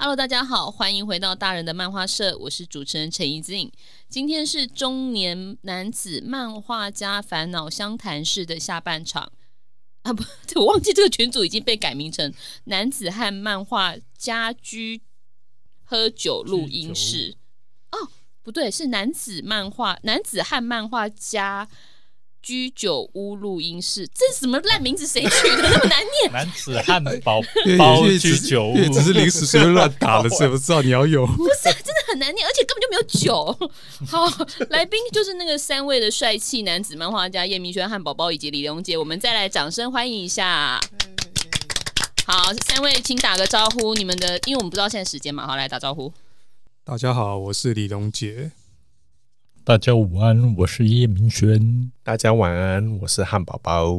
Hello，大家好，歡迎回到大人的漫畫社，我是主持人陳怡靜。今天是中年男子漫畫家煩惱相談室的下半場啊，不，我忘記這個群組已經被改名成男子漢漫畫家居喝酒錄音室哦，不對，是男子漫畫男子漢漫畫家。居酒屋錄音室，這是什麼爛名字？誰取的那麼難念？男子漢寶包居酒屋, 寶寶居酒屋也也只是臨時隨便亂打的，怎麼知道你要有，不是真的很難念，而且根本就沒有酒。好，來賓就是那個三位的帥氣男子漫畫家葉明軒、漢寶包以及李隆杰，我們再來掌聲歡迎一下。好，三位請打個招呼，你們的，因為我們不知道現在時間嘛，好來打招呼。大家好，我是李隆杰。大家午安，我是葉明軒。大家晚安，我是漢寶包。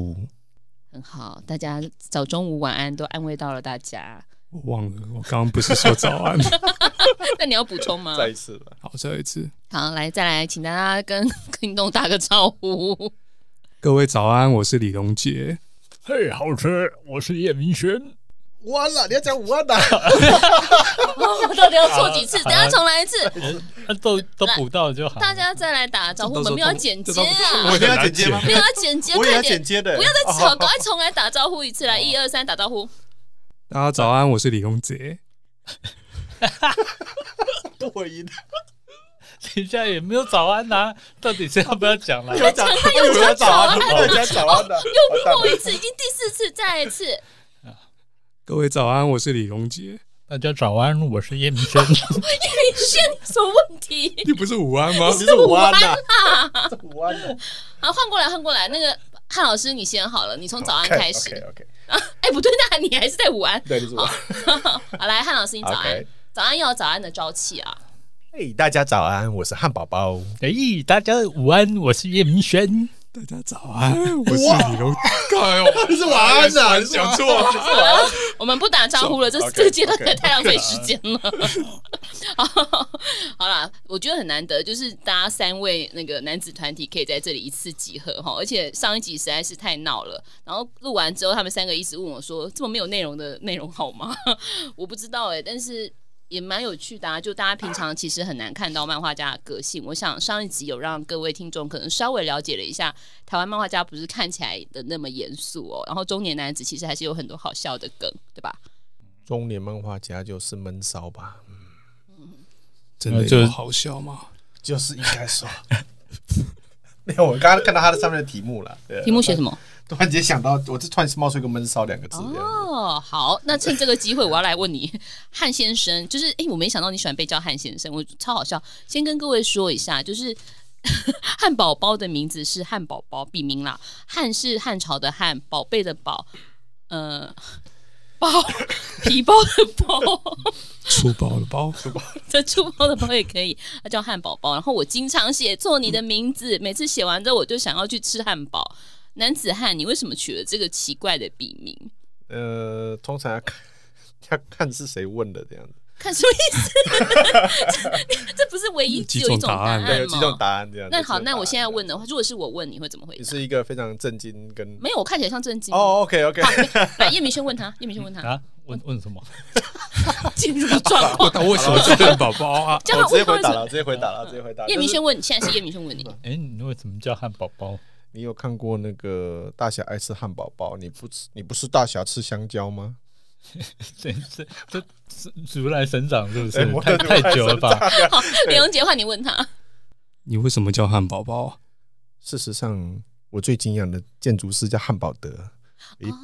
很、嗯、好，大家早、中午、晚安都安慰到了大家。我忘了，我剛剛不是說早安？ 那你要補充嗎？再一次吧。好，再一次。好，來，再來，請大家跟跟東打個招呼。 各位早安，我是李隆杰。嘿、hey,，好吃，我是葉明軒。午安啦，你要講午安啦， 哦、我到底要錯幾次？啊、等下重來一次，啊啊、都都補到了就好了。大家再來打招呼，說我們沒有要剪接啊！我有要剪接嗎？我們要剪接， 要剪接，要剪接，不要再吵，趕快重來打招呼一次。來，一二三，1, 2, 3，打招呼。大家早安，我是李隆杰。哈哈哈哈哈，我贏。現在也沒有早安吶、啊， 到底誰要不要講了、啊啊啊 oh, 啊哦？又講，他又講早安，他又講早安的，又錯一次， 已經第四次，再來一次。各位早安，我是李隆杰。大家早安，我是葉明軒。葉明軒，什麼問題？你不是午安嗎？ 你是午安的啊？ 是午安的啊？換、 啊、過來，換過來。那個漢老師，你先好了，你從早安開始。OK，OK。哎，不對、啊，那你還是在午安。對，是午安。 好，來，漢老師，你早安。Okay. 早安，要早安的朝氣啊！嘿、hey,，大家早安，我是漢寶包。哎、hey,，大家午安，我是葉明軒。大家早安，我是你都開哦，這、欸、是晚安呐、啊，想錯了，我們不打招呼了，這 okay, okay, 這個階段太浪費時間了 okay, okay, 好。好，好了，我覺得很難得，就是大家三位那個男子團體可以在這裡一次集合哈，而且上一集實在是太鬧了。然後錄完之後，他們三個一直問我說：“這麼沒有內容的內容好嗎？”我不知道哎、欸，但是。也蠻有趣的，啊，就大家平常其實很難看到漫畫家的個性。我想上一集有讓各位聽眾可能稍微了解了一下台灣漫畫家，不是看起來的那麼嚴肅哦。然後中年男子其實還是有很多好笑的梗，對吧？中年漫畫家就是悶騷吧，嗯？嗯，真的，呃就是，就好笑嗎？就是應該說， 因為我剛剛看到他的上面的題目了，對，題目寫什麼？突然間想到，我這突然冒出一個“悶騷”兩個字。哦，好，那趁這個機會，我要來問你， 漢先生，就是哎、欸，我沒想到你喜歡被叫漢先生，我超好笑。先跟各位說一下，就是 漢寶包的名字是漢寶包，筆名啦，漢是漢朝的漢，寶貝的寶，呃，包皮包的包，粗 包的包，粗包，這粗包的包也可以叫漢寶包。然後我經常寫錯你的名字，嗯、每次寫完之後，我就想要去吃漢堡。男子漢，你為什麼取了這個奇怪的筆名？呃，通常要看要看是誰問的這樣子。看什麼意思？ 這不是唯一只有一種答案，答案對，有幾種答案這樣那案。那好，那我現在問的話，如果是我問，你會怎麼回答？你是一個非常震驚，跟沒有我看起來像震驚。哦，哦，OK OK，啊。Okay. 來，葉明軒問他，葉明軒問他啊，問 問什麼？進 入狀狀況。他為什麼是漢寶包啊？這樣直接回答直接回答了， 我直接回答。葉明軒問，你 現在是葉明軒問你。誒、欸，你為什麼叫漢寶包？你有看過那個大俠愛吃漢堡包？你不吃，你不是大俠吃香蕉嗎？這 這這，如來神掌是不是？欸、太太久了吧！ 好， 李隆杰換，你問他，你為什麼叫漢寶包，欸？事實上，我最敬仰的建築師叫漢寶德，oh. 欸，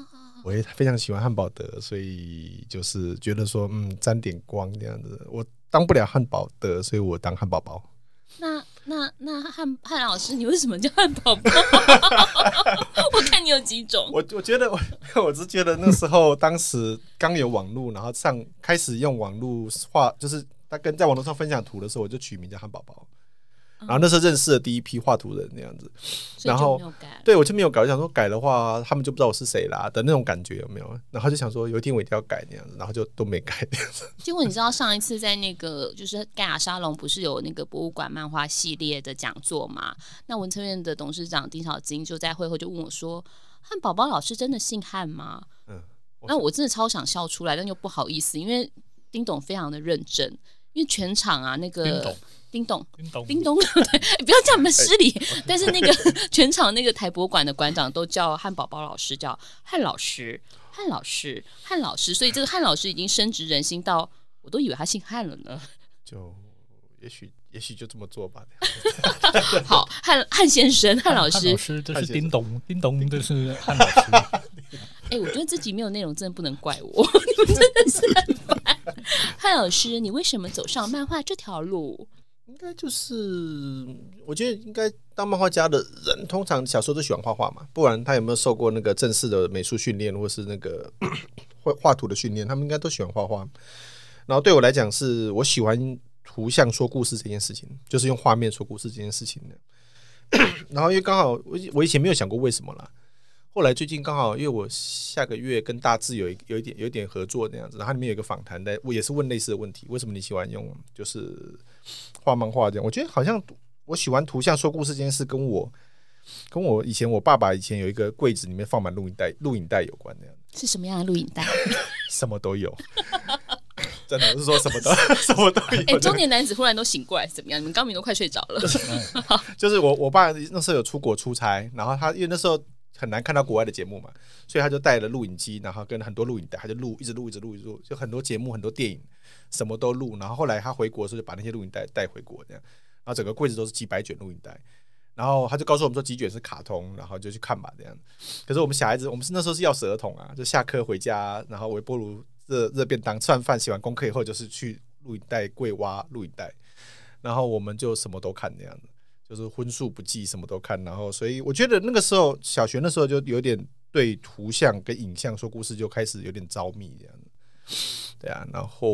我也非常喜歡漢寶德，所以就是覺得說，嗯，沾點光這樣子。我當不了漢寶德，所以我當漢寶包。那。那那漢漢老師，你為什麼叫漢寶包？ 我看你有幾種。 我我覺得我我是覺得那時候當時剛有網絡， 然後上開始用網絡畫，就是他跟在網絡上分享圖的時候，我就取名叫漢寶包。然後那時候認識了第一批畫圖人那樣子，啊、然後對，我就沒有改，想說改的話他們就不知道我是誰啦的那種感覺有沒有？然後就想說有一天我一定要改那樣子，然後就都沒改那樣子。結果你知道上一次在那個就是蓋亞沙龍不是有那個博物館漫畫系列的講座嘛？那文策院的董事長丁曉菁就在會後就問我說：“漢寶寶老師真的姓漢嗎？”嗯，那我真的超想笑出來，但又不好意思，因為丁董非常的認真。因為全場啊，那個叮咚，叮，咚叮，咚叮，咚叮咚、叮咚、叮咚，對，不要叫我們失禮、欸。但是那個全場那個台博館的館長都叫漢寶包老師，叫漢老師，漢老師、漢老師、漢老師，所以這個漢老師已經深植人心到，我都以為他姓漢了呢。就也許，也許就這麼做吧。 好，漢漢先生，漢老師，漢漢老師漢這是叮咚，叮咚就是漢老師。 哎、欸，我覺得自己沒有內容，真的不能怪我。 你真的是很煩。漢，老師，你為什麼走上漫畫這條路？應該就是，我覺得應該當漫畫家的人，通常小時候都喜歡畫畫嘛，不然他有沒有受過那個正式的美術訓練，或者是那個畫畫 圖的訓練？他們應該都喜歡畫畫。然後對我來講，是我喜歡圖像說故事這件事情，就是用畫面說故事這件事情的。 然後因為剛好，我我以前沒有想過為什麼啦。後來最近剛好，因為我下個月跟大志有一有一點有一點合作那樣子，然後裡面有一個訪談的，我也是問類似的問題：為什麼你喜歡用就是畫漫畫這樣？我覺得好像我喜歡圖像說故事這件事，跟我跟我以前我爸爸以前有一個櫃子裡面放滿錄影帶，錄影帶有關的樣子。是什麼樣的錄影帶？ 什麼都有，真的，我是說什麼都什麼都有、欸。哎，中年男子忽然都醒過來，怎麼樣？你們高明都快睡着了。 就是我我爸那時候有出國出差，然後他因為那時候。很難看到國外的節目嘛，所以他就帶了錄影機，然後跟很多錄影帶，他就錄，一直錄，一直錄，一直錄，就很多節目，很多電影，什麼都錄。然後後來他回國的時候，就把那些錄影帶帶回國，這樣，然後整個櫃子都是幾百卷錄影帶。然後他就告訴我們說，幾卷是卡通，然後就去看嘛，這樣。可是我們小孩子，我們是那時候是鑰匙兒童啊，就下課回家，然後微波爐熱熱便當，吃完飯，寫完功課以後，就是去錄影帶櫃挖錄影帶，然後我們就什麼都看這樣子，就是葷素不忌，什麼都看，然後所以我覺得那個時候小學的時候就有點對圖像跟影像說故事就開始有點着迷這樣。對啊，然後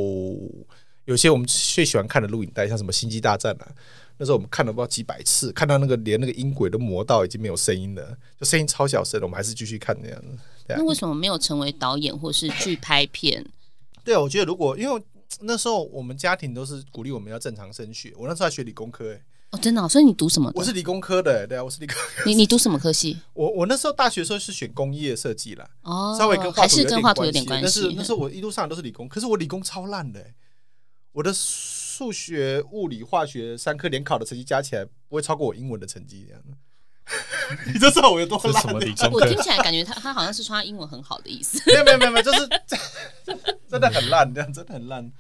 有些我們最喜歡看的錄影帶，像什麼《星際大戰》啊，那時候我們看了不知道幾百次，看到那個連那個音軌都磨到已經沒有聲音了，就聲音超小聲了，我們還是繼續看這樣子，對啊，那為什麼沒有成為導演或是去拍片？ 對啊，我覺得如果因為那時候我們家庭都是鼓勵我們要正常升學，我那時候還學理工科、欸哦、oh,，真的、喔，所以你讀什麼？我是理工科的、欸，對啊，我是理工科你。你你讀什麼科系？我我那時候大學的時候是選工業設計啦，哦、oh,，稍微跟還是跟畫圖有點關係。但是，那，是、嗯、那時候我一路上都是理工，可是我理工超爛的、欸，我的數學、物理、化學三科聯考的成績加起來，我不會超過我英文的成績，這樣子。 你就知道我有多爛 什麼理工 我聽起來感覺他他好像是說他英文很好的意思。 沒有沒有沒有，就是 真的很爛，這樣真的很爛。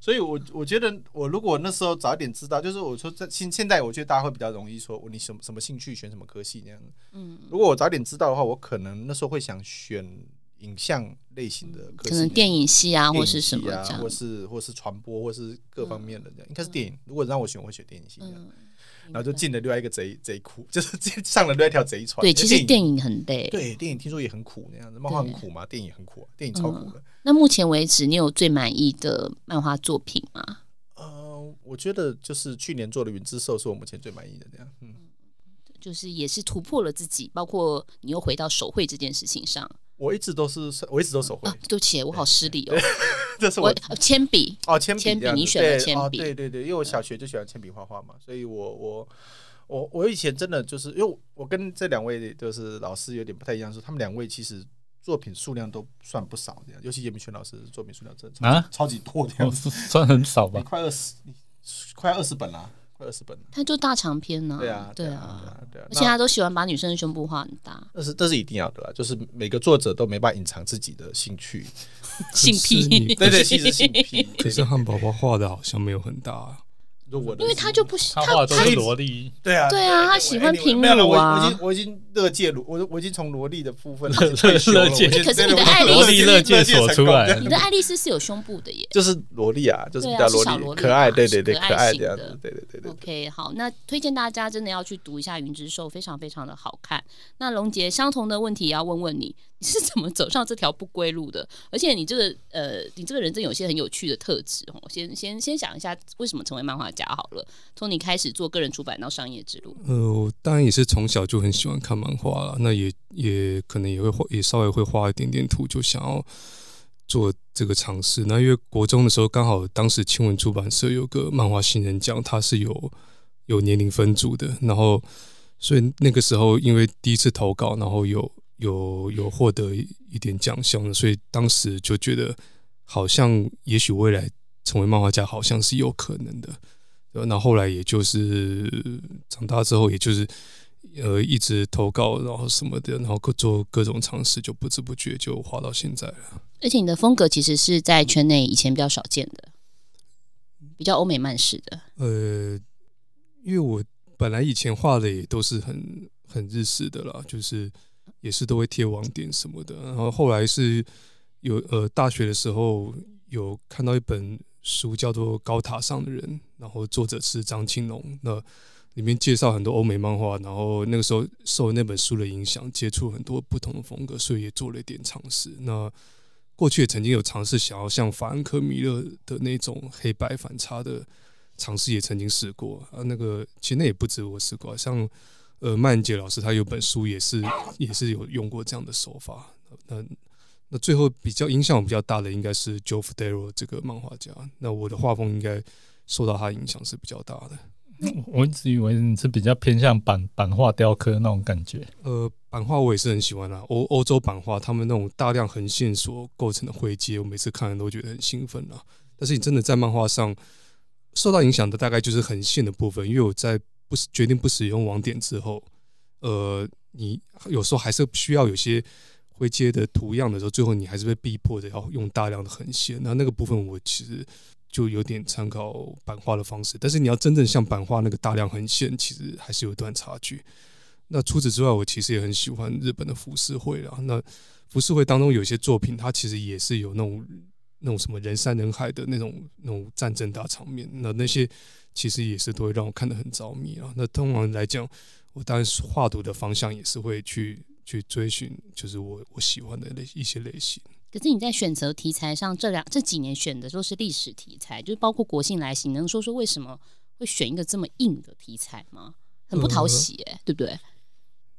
所以我，我我覺得，我如果那時候早點知道，就是我說在，現現在我覺得大家會比較容易說，你什什麼興趣，選什麼科系這樣、嗯。如果我早點知道的話，我可能那時候會想選影像類型的、嗯。可能電影系啊。或是什麼啊，或是什麼樣或是傳播，或是各方面的這樣，嗯、應該是電影、嗯。如果讓我選，我會選電影系這樣。嗯然後就進了另外一個賊賊苦，就是上了另外一條賊船。對，其實電影很累。對，電影聽說也很苦那樣子，漫畫很苦嘛，電影很苦，電影超苦的。嗯，那目前為止，你有最滿意的漫畫作品嗎？呃，我覺得就是去年做的《雲之獸》是我目前最滿意的那樣。嗯，就是也是突破了自己，包括你又回到手繪這件事情上。我一直都是，我一直都手繪，哦、對不起，我好失禮哦。這是我，我鉛筆哦，鉛筆，鉛筆你選的鉛筆對、哦？對對對，因為我小學就喜歡鉛筆畫畫嘛，所以我我我我以前真的就是，因為我跟這兩位就是老師有點不太一樣，就是他們兩位其實作品數量都算不少的，尤其葉明軒老師作品數量真的啊，超級多，這樣子、哦、算很少吧？快二十，快二十本啦。二十本，啊，他就大長篇呢，啊。對啊，對啊，對啊，而且他都喜歡把女生的胸部畫很大。這是這是一定要的啦。就是每個作者都沒辦法隱藏自己的興趣，性癖，對對，其實性癖。 可是漢寶包畫的好像沒有很大啊。因為他就不喜，他他蘿莉，對啊，對啊，對啊對對對，他喜歡平面啊。了，我我已經我已經樂界蘿，我我已經從蘿莉的部分樂樂樂，可是你的愛麗是樂界所出來 你的愛麗絲是有胸部的耶，就是蘿莉啊，就是比較蘿莉，可愛，對對對，可愛型的，對對對對。OK，好，那推薦大家真的要去讀一下《雲之獸》，非常非常的好看。那隆杰，相同的問題也要問問你，你是怎麼走上這條不歸路的？而且你這個呃，你這個人真有些很有趣的特質哦。先先先想一下，為什麼成為漫畫家？好了，從你開始做個人出版到商業之路，呃，我當然也是從小就很喜歡看漫畫了。那也也可能也會畫，也稍微會畫一點點圖，就想要做這個嘗試。那因為國中的時候，剛好當時青文出版社有個漫畫新人獎，他是有有年齡分組的，然後所以那個時候因為第一次投稿，然後有有有獲得一點獎項，所以當時就覺得好像也許未來成為漫畫家好像是有可能的。然後後來也就是長大之後，也就是呃一直投稿，然後什麼的，然後各做各種嘗試，就不知不覺就畫到現在了。而且你的風格其實是在圈內以前比較少見的，嗯、比較歐美漫式的。呃，因為我本來以前畫的也都是很很日式的啦，就是也是都會貼網點什麼的。然後後來是有呃大學的時候有看到一本。書叫做《高塔上的人》，然後作者是張青龍。那裡面介紹很多歐美漫畫，然後那個時候受那本書的影響，接觸很多不同的風格，所以也做了一點嘗試。那過去也曾經有嘗試，想要像法蘭克·米勒的那種黑白反差的嘗試，也曾經試過。啊，那個其實那也不止我試過、啊，像呃，曼杰老師他有本書也是也是有用過這樣的手法。那那最後比較影響我比較大的應該是 Joe Fuderer 這個漫畫家。那我的畫風應該受到他影響是比較大的，嗯。我一直以為你是比較偏向版版畫雕刻的那種感覺。呃，版畫我也是很喜歡啦。歐歐洲版畫他們那種大量橫線所構成的灰階，我每次看都覺得很興奮啦。但是你真的在漫畫上受到影響的大概就是橫線的部分，因為我在不是決定不使用網點之後，呃，你有時候還是需要有些。會接的圖樣的時候，最後你還是被逼迫著要用大量的橫線。那那個部分我其實就有點參考版畫的方式，但是你要真正像版畫那個大量橫線，其實還是有一段差距。那除此之外，我其實也很喜歡日本的浮世繪啊。那浮世繪當中有些作品，它其實也是有那種那種什麼人山人海的那種那種戰爭大場面。那那些其實也是都會讓我看得很着迷啊。那通常來講，我當然畫圖的方向也是會去。去追尋就是我我喜歡的那一些類型。可是你在選擇題材上，這兩這幾年選的都是歷史題材，就是包括《國姓來襲》，你能說說為什麼會選一個這麼硬的題材嗎？很不討喜，欸，哎，呃，對不對？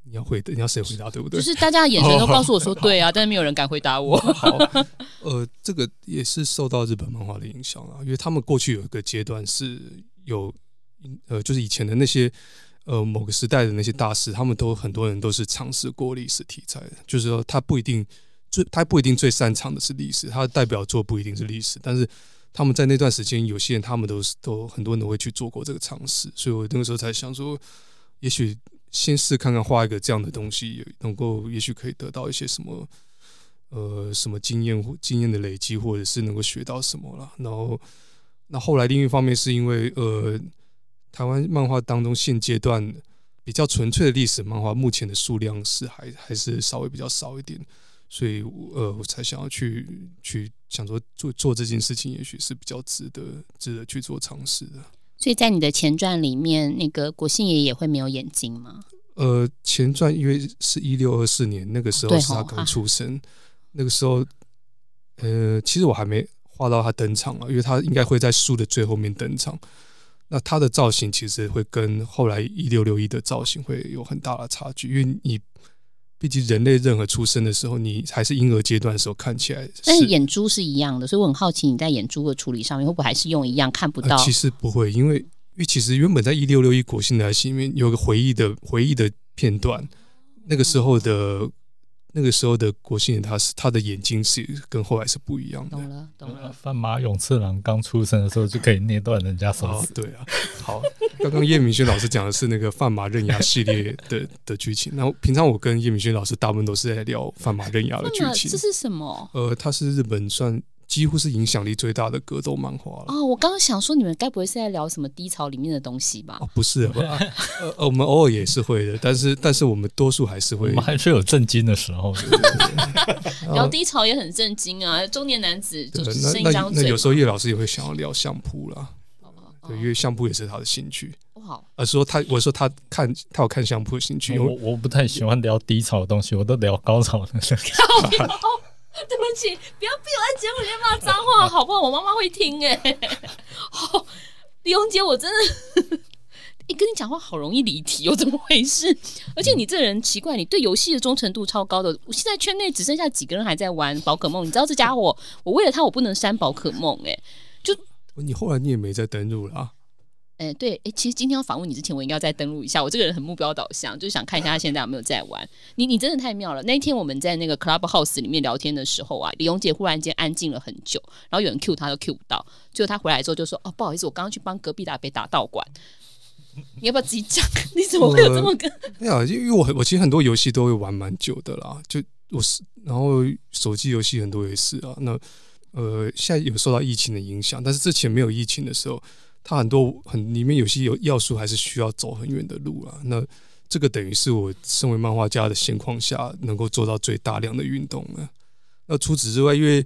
你要回答，你要誰回答，就是，對不對？就是大家的眼神都告訴我說，哦，對，啊對啊，但是沒有人敢回答我。好，呃，這個也是受到日本文化的影響啊，因為他們過去有一個階段是有，呃，就是以前的那些。呃，某個時代的那些大師，他們都很多人都是嘗試過歷史題材的。就是說，他不一定最，他不一定最擅長的是歷史，他的代表作不一定是歷史。但是他們在那段時間，有些人他們都是都很多人都會去做過這個嘗試。所以我那個時候才想說，也許先試看看畫一個這樣的東西，能夠也許可以得到一些什麼呃什麼經驗或經驗的累積，或者是能夠學到什麼了。然後，那後來另一方面是因為呃。台灣漫畫當中，現階段比較純粹的歷史漫畫，目前的數量是還還是稍微比較少一點，所以呃，我才想要去去想說做做這件事情，也許是比較值得值得去做嘗試的。所以在你的前傳裡面，那個國姓爺也會沒有眼睛嗎？呃，前傳因為是一六二四年，那個時候是他剛出生。哦啊，那個時候呃，其實我還沒畫到他登場了。啊，因為他應該會在書的最後面登場。那它的造型其實會跟後來一六六一的造型會有很大的差距，因為你畢竟人類任何出生的時候，你還是嬰兒階段的時候看起來，但是眼珠是一樣的，所以我很好奇你在眼珠的處理上面會不會還是用一樣看不到、呃？其實不會，因為因為其實原本在一六六一國姓來襲因為有個回憶的回憶的片段，那個時候的。嗯那個時候的國慶人，他是他的眼睛是跟後來是不一樣的。懂了，懂了。嗯、範馬永次郎剛出生的時候就可以捏斷人家手指、 哦。對啊，好。剛剛葉明軒老師講的是那個範馬刃牙系列的的劇情。然後平常我跟葉明軒老師大部分都是在聊範馬刃牙的劇情。這是什麼？呃，他是日本算。幾乎是影響力最大的格鬥漫畫了。啊、哦，我剛剛想說，你們該不會是在聊什麼低潮裡面的東西吧？哦、不是， 呃我們偶爾也是會的，但是但是我們多數還是會，我還是有正經的時候對對對、 啊。聊低潮也很正經啊！中年男子就是一張嘴。那有時候葉老師也會想要聊相撲啦、哦哦。對，因為相撲也是他的興趣。不、哦、好。呃，說他，我說他看，他有看相撲的興趣。哦、我我不太喜歡聊低潮的東西，我都聊高潮的。 對不起，不要逼我在節目裡面罵髒話、哦啊，好不好？我媽媽會聽哎、欸 哦。李隆杰，我真的， 哎、欸，跟你講話好容易離題哦，我怎麼回事？而且你這人奇怪，你對遊戲的忠誠度超高的。我現在圈內只剩下幾個人還在玩寶可夢，你知道這家伙， 我為了他我不能刪寶可夢哎、欸，就你後來你也沒再登錄了。啊。哎、欸，對，哎、欸，其實今天要訪問你之前，我應該要再登錄一下。我這個人很目標導向，就想看一下他現在有沒有在玩。 你，你真的太妙了！那一天我們在那個 Clubhouse 裡面聊天的時候啊，李隆杰忽然間安靜了很久，然後有人 cue 他都 cue 不到。結果他回來之後就說：“哦，不好意思，我剛剛去幫隔壁大伯打道館。”你要不要自己講？你怎麼會有這麼跟、呃？對啊，因為我我其實很多遊戲都會玩蠻久的啦，就我，然後手機遊戲很多也是啊。那呃，現在有受到疫情的影響，但是之前沒有疫情的時候。它很多很，裡面有些有要素還是需要走很遠的路啊。那這個等於是我身為漫畫家的情況下能夠做到最大量的運動了。那除此之外，因為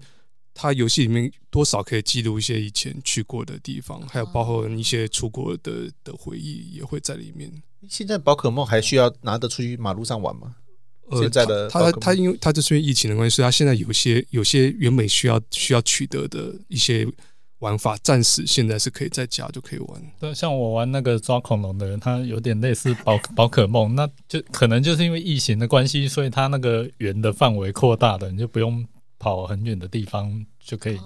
它遊戲裡面多少可以記錄一些以前去過的地方，還有包括一些出國的的回憶也會在裡面。現在寶可夢還需要拿得出去馬路上玩嗎？現在的他他因為它就是因為疫情的關係，所以他現在有些有些原本需要需要取得的一些。玩法暫時現在是可以在家就可以玩。像我玩那個抓恐龍的人，他有點類似寶可夢， 那就可能就是因為疫情的關係，所以他那個圓的範圍擴大了，你就不用跑很遠的地方就可以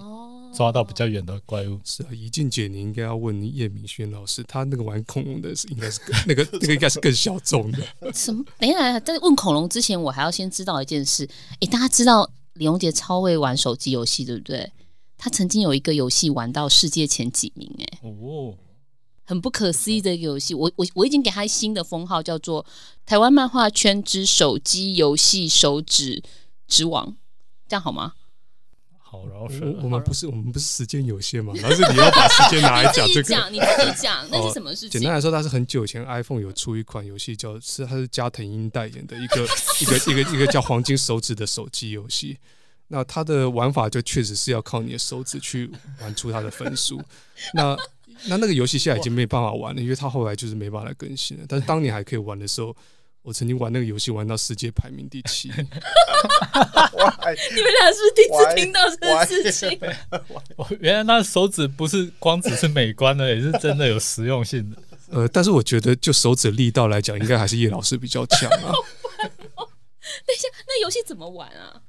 抓到比較遠的怪物。Oh. 是啊，怡靜姐，你應該要問葉明軒老師，他那個玩恐龍的是應該是 那個那個應該是更小眾的 什麼？等一下，在問恐龍之前，我還要先知道一件事。誒、欸，大家知道李隆杰超會玩手機遊戲，對不對？他曾經有一個遊戲玩到世界前幾名，欸，哎、哦，哦，很不可思議的一個遊戲。我我我已經給他新的封號，叫做台灣漫畫圈之手機遊戲手指之王，這樣好嗎？好，然後是我們不是我們不是時間有限嘛，還是你要把時間拿來講這個， 你自己講，你自己講， 那是什麼事情？簡單來說，它是很久前 iPhone 有出一款遊戲，叫是它是加藤鷹代言的一個 一個一個一個叫黃金手指的手機遊戲。那它的玩法就確實是要靠你的手指去玩出它的分數。 那那那個遊戲現在已經沒辦法玩了，因為它後來就是沒辦法來更新了。但是當年還可以玩的時候，我曾經玩那個遊戲玩到世界排名第七。你們倆是不是第一次聽到這個事情？原來那手指不是光只是美觀的，也是真的有實用性的。 呃，但是我覺得就手指力道來講，應該還是葉老師比較強啊 喔。等一下，那遊戲怎麼玩啊？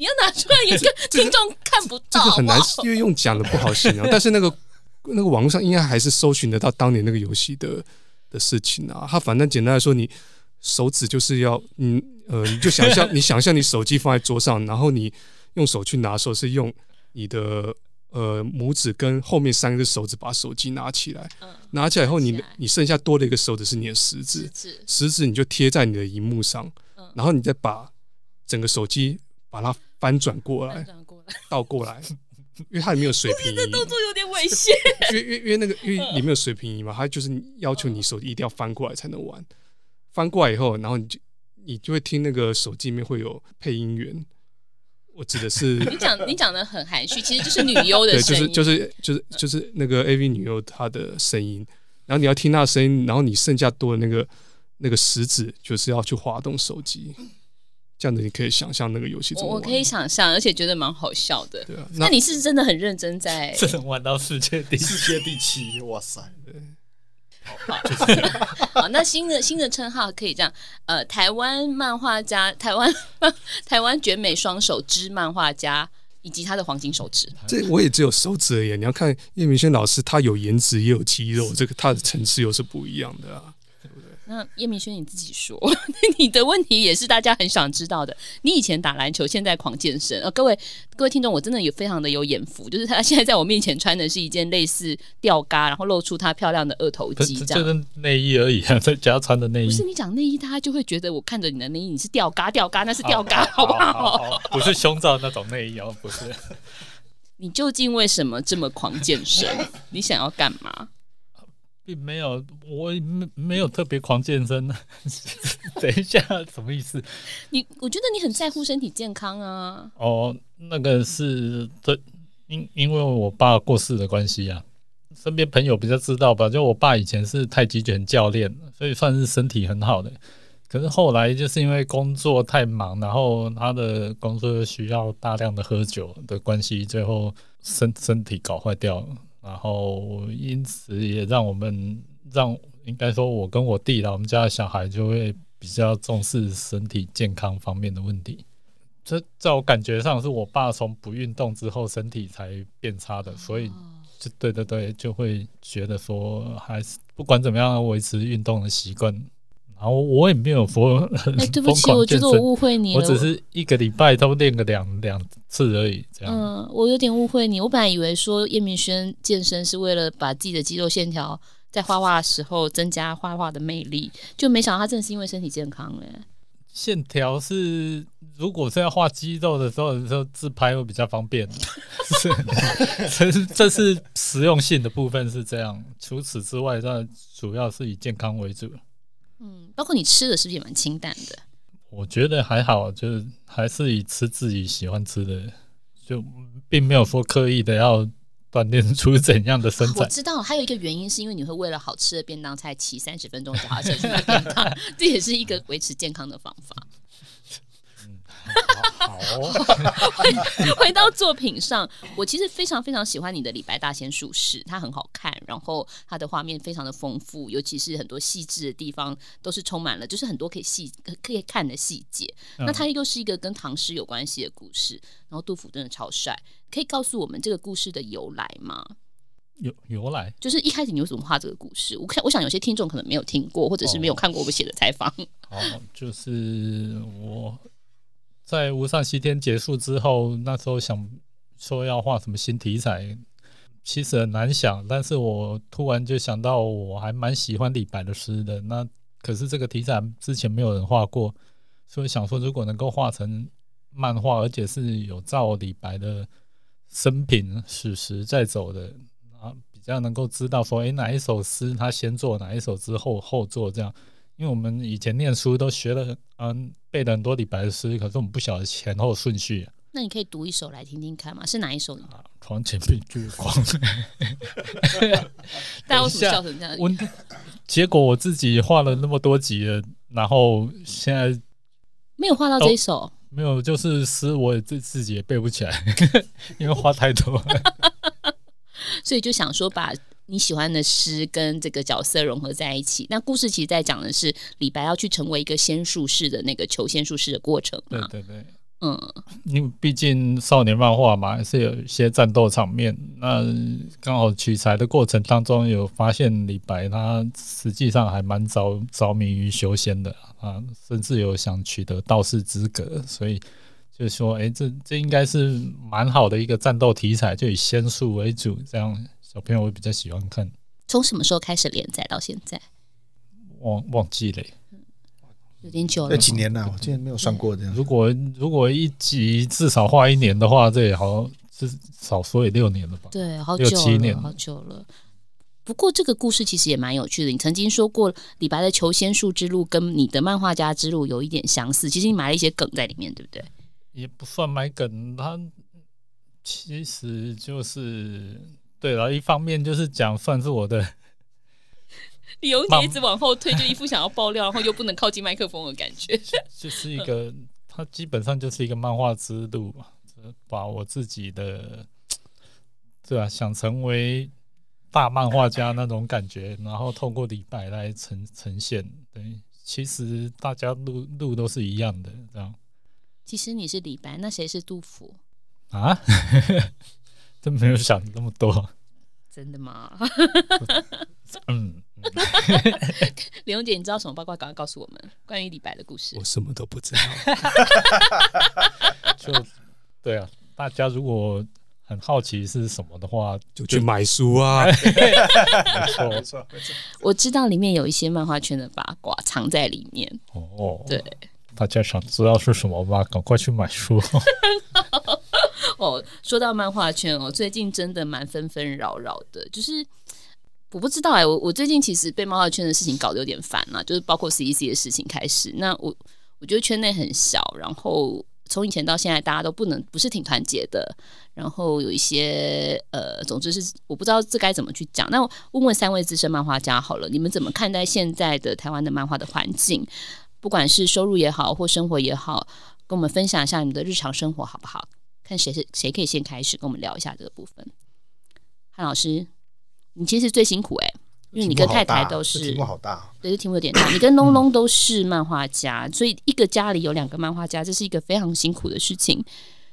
你要拿出來一個聽眾看不到好不好，這個很難，因為用講的不好形容、啊。 但是那個那個網絡上應該還是搜尋得到當年那個遊戲的的事情啊。他反正簡單來說，你手指就是要，嗯呃，你就想象， 你想象你手機放在桌上，然後你用手去拿的時候，是用你的呃拇指跟後面三個手指把手機拿起來。嗯、拿起來以後，來你你剩下多的一個手指是你的食指，食指你就貼在你的熒幕上、嗯，然後你再把整個手機把它。翻轉過來，過來，倒過來， 因為它也沒有水平儀。這 動作有點危險。因為因為那個因為裡面有水平儀嘛， 它就是要求你手機一定要翻過來才能玩。翻過來以後，然後你就你就會聽那個手機裡面，會有配音員。我指的是，你講你講的很含蓄，其實就是女優的聲音。對，就是就是就是就是那個 AV 女優她的聲音。然後你要聽她的聲音，然後你剩下多的那個那個食指就是要去滑動手機。這樣子你可以想象，那個遊戲中。我可以想象，而且覺得蠻好笑的。對啊，那你是真的很認真在、欸。 這玩到世界第 世界第七，哇塞！對好，是好， 好，那新的新的稱號可以這樣，呃，台灣漫畫家，台灣台灣絕美雙手之漫畫家，以及他的黃金手指。這我也只有手指而已，啊，你要看葉明軒老師，他有顏值也有肌肉，這個他的層次又是不一樣的啊。那葉明軒，你自己說，你的問題也是大家很想知道的。你以前打籃球，現在狂健身啊、呃！各位各位聽眾，我真的也非常的有眼福，就是他現在在我面前穿的是一件類似吊嘎，然後露出他漂亮的二頭肌，這樣內衣而已啊，在家穿的內衣。不是你講內衣，大家就會覺得我看着你的內衣，你是吊嘎吊嘎，那是吊嘎，好，好不好？不是胸罩那種內衣哦， 不是。你究竟為什麼這麼狂健身？ 你想要幹嘛？沒有，我沒沒有特別狂健身 等一下，什麼意思？你我覺得你很在乎身體健康啊。哦，那個是這因因為我爸過世的關係啊，身邊朋友比較知道吧？就我爸以前是太極拳教練，所以算是身體很好的。可是後來就是因為工作太忙，然後他的工作需要大量的喝酒的關係，最後身身體搞壞掉了。然後，因此也讓我們讓應該說，我跟我弟啦，我們家的小孩就會比較重視身體健康方面的問題。這在我感覺上，是我爸從不運動之後身體才變差的，所以就對對對，就會覺得說，還是不管怎麼樣，維持運動的習慣。然、啊、後我也沒有說呵呵。哎，對不起，我覺得我誤會你了。我只是一個禮拜都練個兩兩、嗯、次而已，這樣。嗯，我有點誤會你。我本來以為說葉明軒健身是為了把自己的肌肉線條在畫畫的時候增加畫畫的魅力，就沒想到他正是因為身體健康嘞。線條是，如果是要畫肌肉的時候，就自拍會比較方便。 是，這是實用性的部分是這樣。除此之外，那主要是以健康為主。嗯，包括你吃的是不是也蠻清淡的？我覺得還好，就是還是以吃自己喜歡吃的，就並沒有說刻意的要鍛鍊出怎樣的身材。啊，我知道，還有一個原因是因為你會為了好吃的便當菜騎三十分鐘自行車去，這也是一個維持健康的方法。 好，好哦， 回回到作品上，我其實非常非常喜歡你的《李白大仙術士》，他很好看，然後他的畫面非常的豐富，尤其是很多細緻的地方都是充滿了，就是很多可以細可以看的細節。嗯、那他又是一個跟唐詩有關係的故事，然後杜甫真的超帥，可以告訴我們這個故事的由來嗎？由由來就是一開始你怎麼畫這個故事？我看我想有些聽眾可能沒有聽過，或者是沒有看過我們寫的採訪。哦，就是我。在無上西天結束之後，那時候想說要畫什麼新題材，其實很難想。但是我突然就想到，我還蠻喜歡李白的詩的。那可是這個題材之前沒有人畫過，所以想說，如果能夠畫成漫畫，而且是有照李白的生平史實在走的，啊，比較能夠知道說，哎、欸，哪一首詩他先做，哪一首之後後做，這樣。因為我們以前念書都學了，嗯、啊，背了很多李白的詩，可是我們不曉得前後順序、啊。那你可以讀一首來聽聽看嘛？是哪一首呢？床、啊、前明月光。大家笑成 這樣子，我結果我自己畫了那麼多集了，然後現在、嗯、沒有畫到這一首、哦，沒有，就是詩我自自己也背不起來， 因為畫太多了， 所以就想說把。你喜歡的詩跟這個角色融合在一起。那故事其實在講的是李白要去成為一個仙術士的那個求仙術士的過程啊。對對對，嗯，因為畢竟少年漫畫嘛，是有一些戰鬥場面。那剛好取材的過程當中，有發現李白他實際上還蠻着着迷於修仙的啊，甚至有想取得道士資格，所以就說，哎、欸，這這應該是蠻好的一個戰鬥題材，就以仙術為主這樣。小朋友會比較喜歡看。從什麼時候開始連載到現在？忘忘記了、嗯，有點久了。那幾年了，對對對，我竟然沒有算過這樣。的如果如果一集至少畫一年的話，這也好，至少說也六年了吧？對，好久了，六七年了，好久了。不過這個故事其實也蠻有趣的。你曾經說過，李白的求仙術之路跟你的漫畫家之路有一點相似。其實你埋了一些梗在裡面，對不對？也不算埋梗，他其實就是。對，然後一方面就是講算是我的，李隆杰，一直往後推， 就一副想要爆料，然後又不能靠近麥克風的感覺。 就是一個，它基本上就是一個漫畫之路吧，把我自己的，對啊，想成為大漫畫家那種感覺， 然後透過李白來呈呈現。對，其實大家路路都是一樣的這樣。其實你是李白，那誰是杜甫啊？ 真沒有想那麼多，真的嗎？ 嗯，李 榮姐，你知道什麼八卦？趕快告訴我們關於李白的故事。我什麼都不知道。 就對啊，大家如果很好奇是什麼的話，就，就去買書啊。 沒錯錯， 我知道裡面有一些漫畫圈的八卦藏在裡面。哦，對，對，對，大家想知道是什麼嗎？趕快去買書。 哦，說到漫畫圈哦，最近真的蠻紛紛擾擾的。就是我不知道哎、欸，我我最近其實被漫畫圈的事情搞得有點煩了、啊。就是包括 CEC 的事情開始，那我我覺得圈內很小，然後從以前到現在，大家都不能不是挺團結的。然後有一些呃，總之是我不知道這該怎麼去講。那我問問三位資深漫畫家好了，你們怎麼看待現在的台灣的漫畫的環境？不管是收入也好，或生活也好，跟我們分享一下你們的日常生活好不好？但誰是誰可以先開始跟我們聊一下這個部分，漢老師，你其實最辛苦誒、欸，因為你跟太太都是題目好大，啊這題目好大啊，對，是題目有點大。你跟隆隆都是漫畫家、嗯，所以一個家裡有兩個漫畫家，這是一個非常辛苦的事情。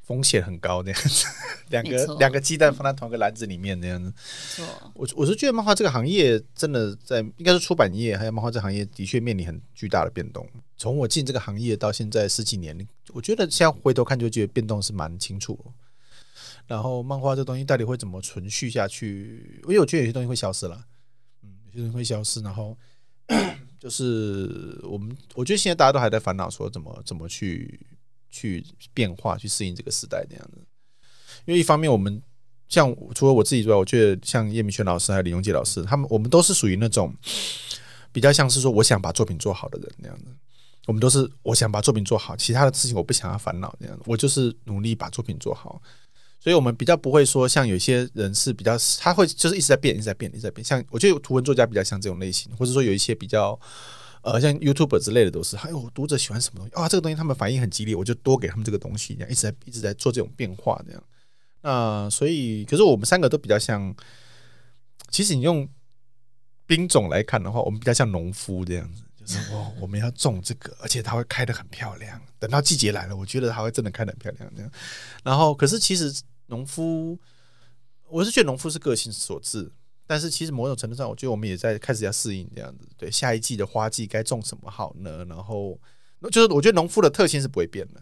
風險很高那樣子，兩個兩個雞蛋放在同一個籃子裡面那樣子。沒錯，我我是覺得漫畫這個行業真的在，應該是出版業還有漫畫這行業的確面臨很巨大的變動。從我進這個行業到現在十幾年，我覺得現在回頭看就覺得變動是蠻清楚。然後漫畫這東西到底會怎麼存續下去？因為我覺得有些東西會消失了，嗯，有些東西會消失。然後 就是我們，我覺得現在大家都還在煩惱說怎麼怎麼去。去變化，去適應這個時代，這樣子。因為一方面，我們像除了我自己之外，我覺得像葉明軒老師還有李隆杰老師，他們我們都是屬於那種比較像是說，我想把作品做好的人那樣子。我們都是我想把作品做好，其他的事情我不想要煩惱那樣，我就是努力把作品做好。所以，我們比較不會說像有些人是比較他會就是一直在變，一直在變，一直在變。像我覺得圖文作家比較像這種類型，或者說有一些比較。呃，像 YouTuber 之類的都是，哎呦，讀者喜歡什麼東西啊？這個東西他們反應很激烈，我就多給他們這個東西一樣，樣一直在一直在做這種變化，這樣。那、呃、所以，可是我們三個都比較像，其實你用兵種來看的話，我們比較像農夫這樣子，就是哦，我們要種這個， 而且它會開得很漂亮。等到季節來了，我覺得它會真的開得很漂亮。這樣，然後可是其實農夫，我是覺得農夫是個性所致。但是其實某種程度上，我覺得我們也在開始要適應這樣子。對下一季的花季該種什麼好呢？然後就是我覺得農夫的特性是不會變的。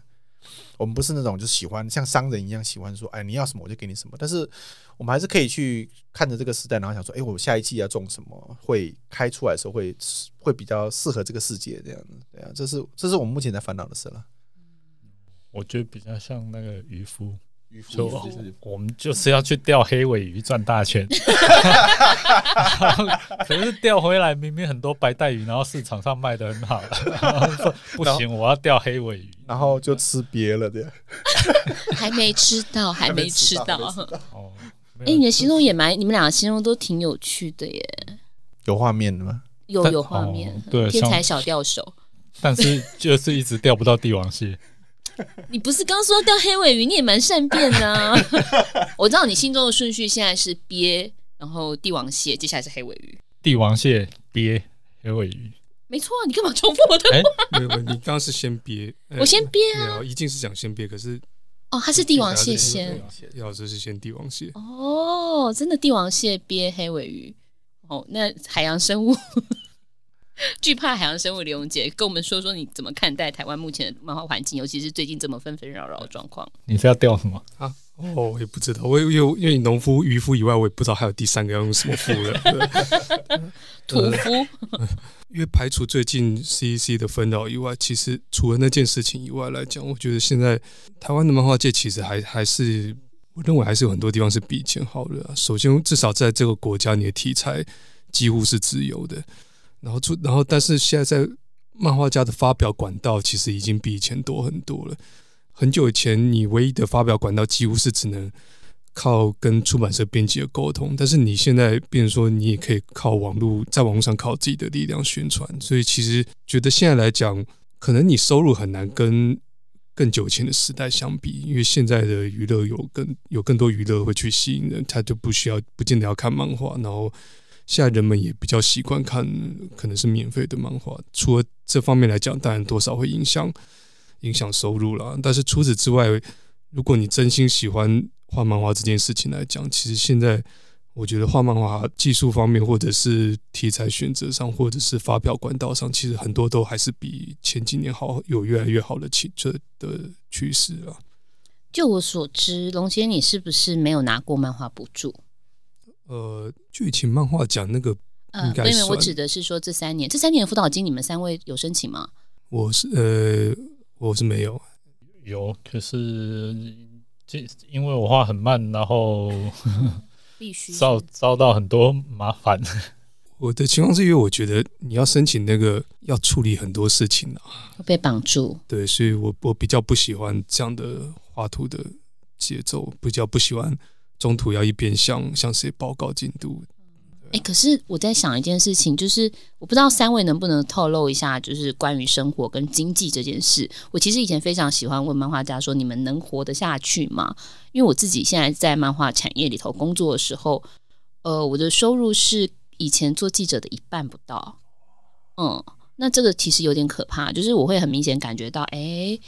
我們不是那種就喜歡像商人一樣喜歡說，哎，你要什麼我就給你什麼。但是我們還是可以去看着這個時代，然後想說，哎，我下一季要種什麼會開出來的時候會會比較適合這個世界這樣子。對啊，這是這是我們目前在煩惱的事了。我覺得比較像那個漁夫。說我們就是要去釣黑鮪魚賺大錢， 可是釣回來明明很多白帶魚，然後市場上賣的很好，然後說不行，我要釣黑鮪魚，然後就吃癟了的 。還沒吃到，還沒吃到。哦，哎、欸，你的形容也蠻、就是，你們倆的形容都挺有趣的耶，有畫面的嗎？有有畫面，天才小釣手，但是就是一直釣不到帝王蟹。 你不是剛說要釣黑鮪魚，你也蠻善變的啊。我知道你心中的順序現在是鱉，然後帝王蟹，接下來是黑鮪魚。帝王蟹、鱉、黑鮪魚，沒錯啊，你幹嘛重複我的話？欸？沒有，你剛剛是先鱉，欸，我先鱉啊。一定是想先鱉，可是哦，他是帝王蟹先。先要老是先帝王蟹。哦，真的帝王蟹、鱉、黑鮪魚。哦，那海洋生物。 懼怕海洋生物，李隆杰跟我們說說，你怎麼看待台灣目前的漫畫環境，尤其是最近這麼紛紛擾擾的狀況？你是要釣什麼啊？哦，我也不知道，我有有，因為農夫、漁夫以外，我也不知道還有第三個要用什麼夫了。屠 夫、呃。因為排除最近 C C 的紛擾以外，其實除了那件事情以外來講，我覺得現在台灣的漫畫界其實還還是我認為還是有很多地方是比以前好了啊。首先，至少在這個國家，你的題材幾乎是自由的。然後出，然後但是現在在漫畫家的發表管道其實已經比以前多很多了。很久以前，你唯一的發表管道幾乎是只能靠跟出版社編輯的溝通。但是你現在，變成說你也可以靠網絡，在網絡上靠自己的力量宣傳。所以其實覺得現在來講，可能你收入很難跟更久前的時代相比，因為現在的娛樂有更有更多娛樂會去吸引人，他就不需要不見得要看漫畫，然後。現在人們也比較習慣看可能是免費的漫畫，除了這方面來講，當然多少會影響影響收入了。但是除此之外，如果你真心喜歡畫漫畫這件事情來講，其實現在我覺得畫漫畫技術方面，或者是題材選擇上，或者是發表管道上，其實很多都還是比前幾年好，有越來越好的起色的趨勢啊。就我所知，隆杰，你是不是沒有拿過漫畫補助？呃，劇情漫畫講那個，嗯、啊，所以我指的是說，這三年，這三年的輔導金，你們三位有申請嗎？我是呃，我是沒有，有可是，這因為我畫很慢，然後呵呵，必須遭遭到很多麻煩。我的情況是因為我覺得你要申請那個，要處理很多事情了、啊，被綁住。對，所以我我比較不喜歡這樣的畫圖的節奏，比較不喜歡。中途要一邊向向誰報告進度？欸，可是我在想一件事情，就是我不知道三位能不能透露一下，就是關於生活跟經濟這件事。我其實以前非常喜歡問漫畫家說：“你們能活得下去嗎？”因為我自己現在在漫畫產業裡頭工作的時候，呃，我的收入是以前做記者的一半不到。嗯，那這個其實有點可怕，就是我會很明顯感覺到，欸。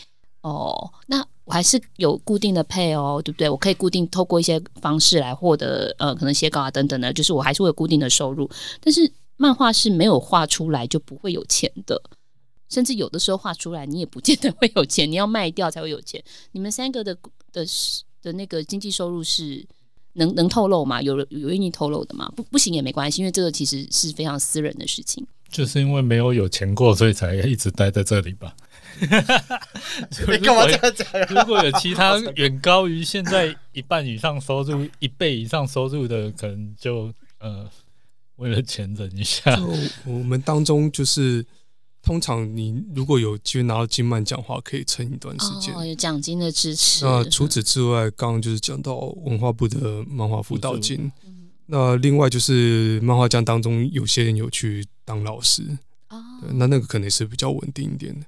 哦，那我還是有固定的 pay 哦，對不對？我可以固定透過一些方式來獲得，呃，可能寫稿啊等等的，就是我還是會有固定的收入。但是漫畫是沒有畫出來就不會有錢的，甚至有的時候畫出來你也不見得會有錢，你要賣掉才會有錢。你們三個的的的那個經濟收入是能能透露嗎？有有願意透露的嗎？不不行也沒關係，因為這個其實是非常私人的事情。就是因為沒有有錢過，所以才一直待在這裡吧。哈 哈，如果有如果有其他遠高於現在一半以上收入、 一倍以上收入的，可能就呃，為了錢整一下。我們當中就是通常你如果有機會拿到金漫獎的話，可以撐一段時間，哦，有獎金的支持。那除此之外，剛剛就是講到文化部的漫畫輔導金。那另外就是漫畫家當中有些人有去當老師、哦、對那那個可能是比較穩定一點的。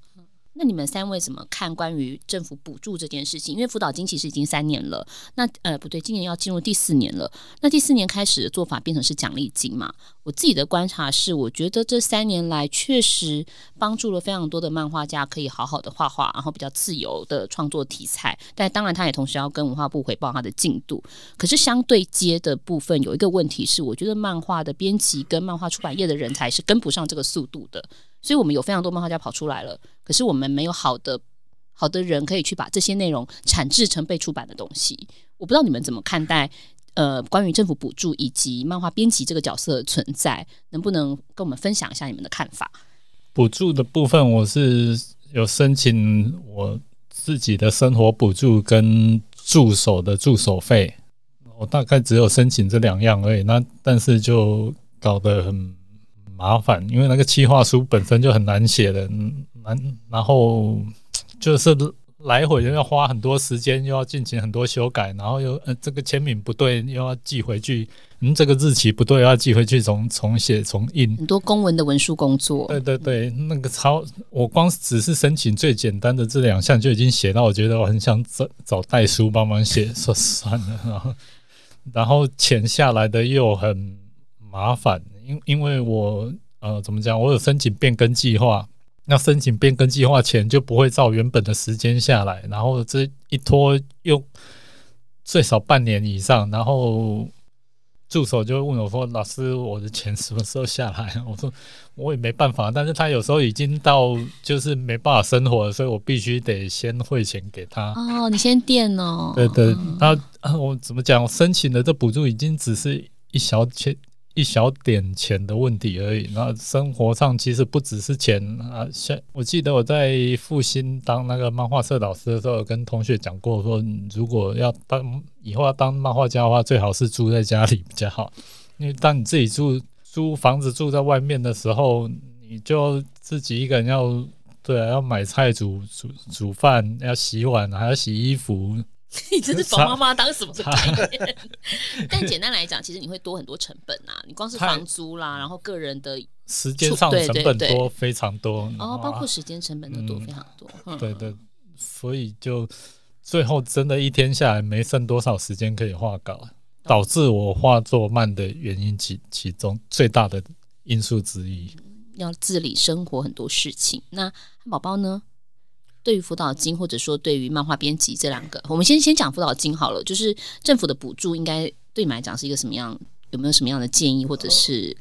那你們三位怎麼看關於政府補助這件事情？因為輔導金其實已經三年了，那呃不對，今年要進入第四年了。那第四年開始的做法變成是獎勵金嘛？我自己的觀察是，我覺得這三年來確實幫助了非常多的漫畫家可以好好的畫畫，然後比較自由的創作題材。但當然，他也同時要跟文化部回報他的進度。可是相對接的部分，有一個問題是，我覺得漫畫的編輯跟漫畫出版業的人才是跟不上這個速度的。所以我們有非常多漫畫家跑出來了，可是我們沒有好的好的人可以去把這些內容產制成被出版的東西。我不知道你們怎麼看待，呃，關於政府補助以及漫畫編輯這個角色的存在，能不能跟我們分享一下你們的看法？補助的部分我是有申請我自己的生活補助跟助手的助手費，我大概只有申請這兩樣而已。那但是就搞得很。麻煩，因為那個企劃書本身就很難寫的，嗯，難，然後就是來回又要花很多時間，又要進行很多修改，然後又呃這個簽名不對又要寄回去，嗯，這個日期不對要寄回去重重寫重印，很多公文的文書工作。對對對，嗯、那個超我光只是申請最簡單的這兩項就已經寫到，我覺得我很想找找代書幫忙寫， 說算了，然後然後錢下來的又很麻煩。因因為我呃怎麼講，我有申請變更計劃。那申請變更計劃錢就不會照原本的時間下來，然後這一拖又最少半年以上。然後助手就會問我說、嗯：“老師，我的錢什麼時候下來？”我說：“我也沒辦法。”但是他有時候已經到就是沒辦法生活了，所以我必須得先匯錢給他。哦，你先墊哦。對對，那、啊、我怎麼講？申請的這補助已經只是一小錢。一小點錢的問題而已。那生活上其實不只是錢啊。像我記得我在復興當那個漫畫社老師的時候，有跟同學講過，說你如果要當以後要當漫畫家的話，最好是住在家裡比較好。因為當你自己住租房子、住在外面的時候，你就自己一個人要對啊，要買菜、煮煮煮飯、要洗碗，還要洗衣服。 你真是把媽媽當什麼，什麼概念、啊、但簡單來講，其實你會多很多成本啊！你光是房租啦，然後個人的時間上成本多非常多，對對對啊、哦，包括時間成本都多非常多。嗯嗯、對對，所以就最後真的一天下來沒剩多少時間可以畫稿、嗯，導致我畫作慢的原因其，其其中最大的因素之一、嗯，要自理生活很多事情。那漢寶包呢？對於輔導金，或者說對於漫畫編輯這兩個，我們先先講輔導金好了。就是政府的補助，應該對你們來講是一個什麼樣？有沒有什麼樣的建議，或者是？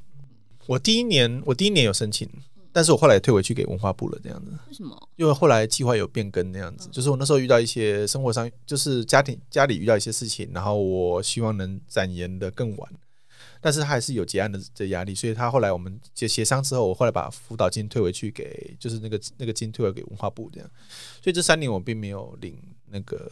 我第一年，我第一年有申請，但是我後來退回去給文化部了，這樣子。為什麼？因為後來計劃有變更，那樣子。就是我那時候遇到一些生活上，就是家庭家裡遇到一些事情，然後我希望能展延得更晚。但是他還是有結案的這壓力，所以他後來我們協協商之後，我後來把輔導金退回去給，就是那個那個金退回去給文化部這樣。所以這三年我並沒有領那個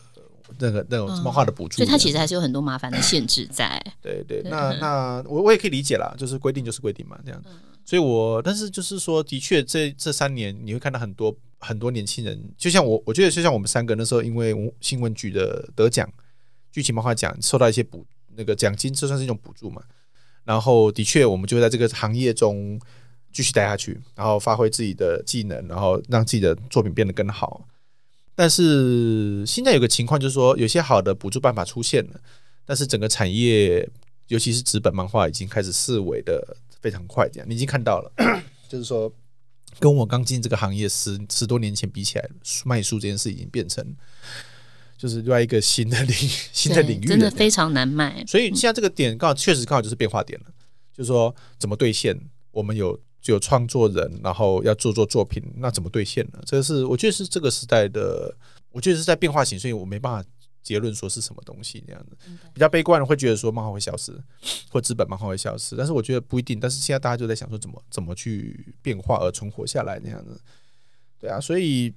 那個那種漫畫的補助，嗯。所以他其實還是有很多麻煩的限制在。嗯、對，對對，嗯、那那我我也可以理解啦，就是規定就是規定嘛這樣，嗯。所以我但是就是說，的確這這三年你會看到很多很多年輕人，就像我我覺得就像我們三個那時候因為新聞局的得獎劇情漫畫獎受到一些補那個獎金，就算是一種補助嘛。然後，的確，我們就在這個行業中繼續待下去，然後發揮自己的技能，然後讓自己的作品變得更好。但是現在有個情況，就是說有些好的補助辦法出現了，但是整個產業，尤其是紙本漫畫，已經開始式微得非常快，這樣你已經看到了， 就是說，跟我剛進這個行業十十多年前比起來，賣書這件事已經變成。就是另外一個新的領域，新的領域，真的非常難賣。所以現在這個點剛好、嗯、確實剛好就是變化點了，就是說怎麼兌現我們有就有創作人，然後要做做作品，那怎麼兌現呢？這個是我覺得是這個時代的，我覺得是在變化型，所以我沒辦法結論說是什麼東西這樣子。嗯、比較悲觀的會覺得說漫畫會消失，或資本漫畫會消失， 但是我覺得不一定。但是現在大家就在想說怎麼怎麼去變化而存活下來這樣子，對啊，所以。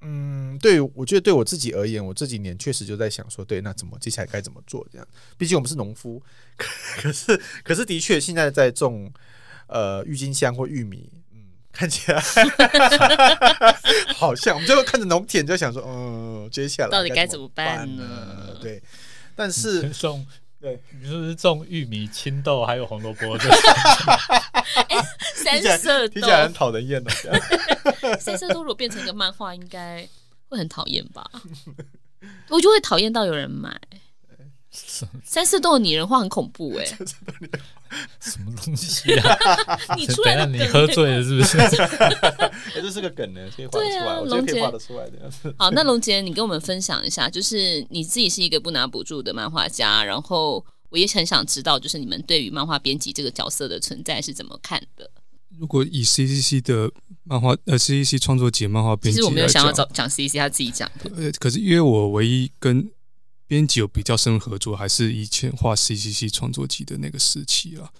嗯，對，我覺得對我自己而言，我這幾年確實就在想說，對，那怎麼接下來該怎麼做？這樣，畢竟我們是農夫，可是可是的確，現在在種呃、鬱金香或玉米，嗯，看起來 好像，我們就看着農田就想說，嗯，接下來到底該怎麼辦呢？對，但是，是種對，你說是，是種玉米、青豆還有紅蘿蔔。 三色豆聽起來很討人厭呢、啊。 三色豆如果變成一個漫畫，應該會很討厭吧？ 我就會討厭到有人買。 三色豆擬人化很恐怖哎、欸， 什麼東西、啊？ 你出來，你喝醉了是不是？ 欸、這是個梗呢、欸，可以畫出來，都、啊、可畫得出來的 好，那隆杰，你跟我們分享一下，就是你自己是一個不拿補助的漫畫家，然後。我也很想知道，就是你們對於漫畫編輯這個角色的存在是怎麼看的？如果以 C C C 的漫畫，呃，C C C 創作集漫畫編輯來講，其實我沒有想要找講 C C 他自己講。呃，可是因為我唯一跟編輯有比較深合作，還是以前畫 C C C 創作集的那個時期啊。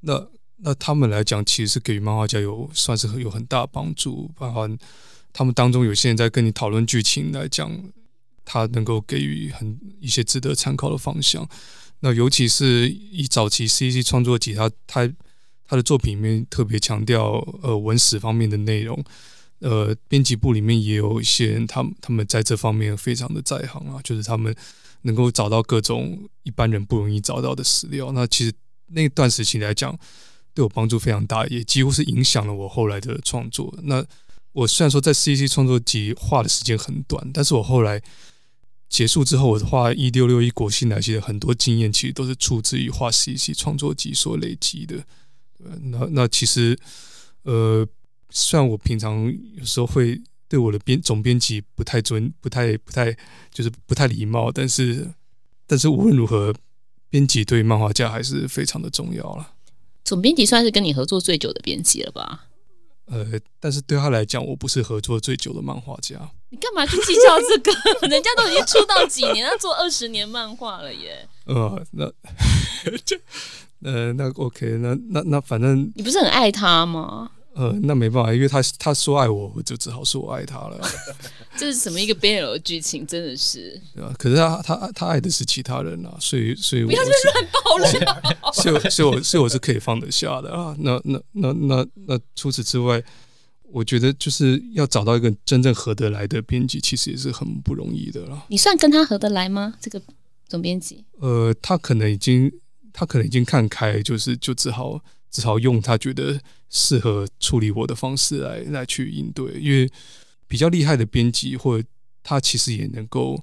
那那他們來講，其實是給予漫畫家有算是有很大幫助。包含他們當中有些人在跟你討論劇情來講，他能夠給予很一些值得參考的方向。那尤其是一早期 CC 創作集，他他他的作品裡面特別強調呃，文史方面的內容。呃，編輯部裡面也有一些人，他們他們在這方面非常的在行啊，就是他們能夠找到各種一般人不容易找到的史料。那其實那段時期來講，對我幫助非常大，也幾乎是影響了我後來的創作。那我雖然說在 CC 創作集畫的時間很短，但是我後來。結束之後，我的畫《1661國姓來襲》的很多經驗，其實都是出自於畫 CCC 創作集所累積的、呃。那那其實，呃，雖然我平常有時候會對我的編總編輯不太尊、不太不太就是不太禮貌，但是但是無論如何，編輯對漫畫家還是非常的重要了。總編輯算是跟你合作最久的編輯了吧？呃，但是對他來講，我不是合作最久的漫畫家。你幹嘛去計較這個？ 人家都已經出道幾年， 要做二十年漫畫了耶。呃，那就 呃，那 OK，那那那反正你不是很愛他嗎？呃，那沒辦法，因為他他說愛我，我就只好說我愛他了。 這是什麼一個 BL 的劇情？真的是。啊、呃！可是他他他，他愛的是其他人啊，所以所以我是不要亂爆料了，所以所以所以我是可以放得下的啊！那那那那那除此之外，我覺得就是要找到一個真正合得來的編輯，其實也是很不容易的了。你算跟他合得來嗎？這個總編輯？呃，他可能已經，他可能已經看開，就是就只好只好用他覺得適合處理我的方式來來去應對。因為比較厲害的編輯，或他其實也能夠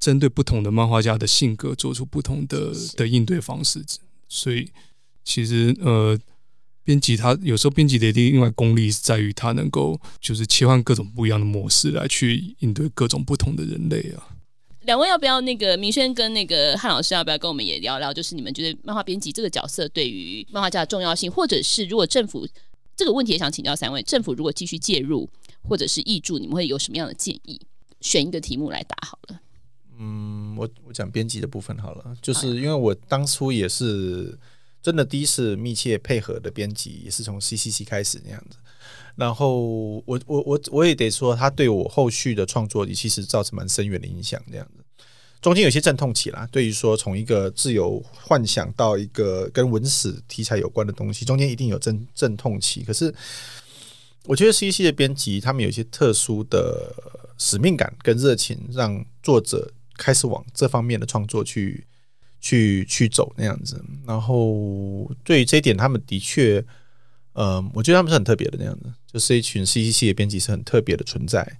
針對不同的漫畫家的性格，做出不同的是不是的應對方式。所以其實呃。編輯他有時候編輯的另另外一個功力是在於他能夠就是切換各種不一樣的模式來去應對各種不同的人類啊。兩位要不要那個明軒跟那個漢老師要不要跟我們也聊聊？就是你們覺得漫畫編輯這個角色對於漫畫家的重要性，或者是如果政府這個問題也想請教三位，政府如果繼續介入或者是挹注，你們會有什麼樣的建議？選一個題目來答好了。嗯，我我講編輯的部分好了，就是因為我當初也是。真的第一次密切配合的編輯也是從 C C C 開始那樣子，然後，我我我我也得說他對我後續的創作也其實造成蠻深遠的影響這樣子，中間有些陣痛期啦，對於說從一個自由幻想到一個跟文史題材有關的東西，中間一定有陣陣痛期。可是我覺得 C C 的編輯他們有些特殊的使命感跟熱情，讓作者開始往這方面的創作去。去去走那樣子，然後對於這一點，他們的確，嗯、呃，我覺得他們是很特別的那樣子，就是一群 C C C 的編輯是很特別的存在。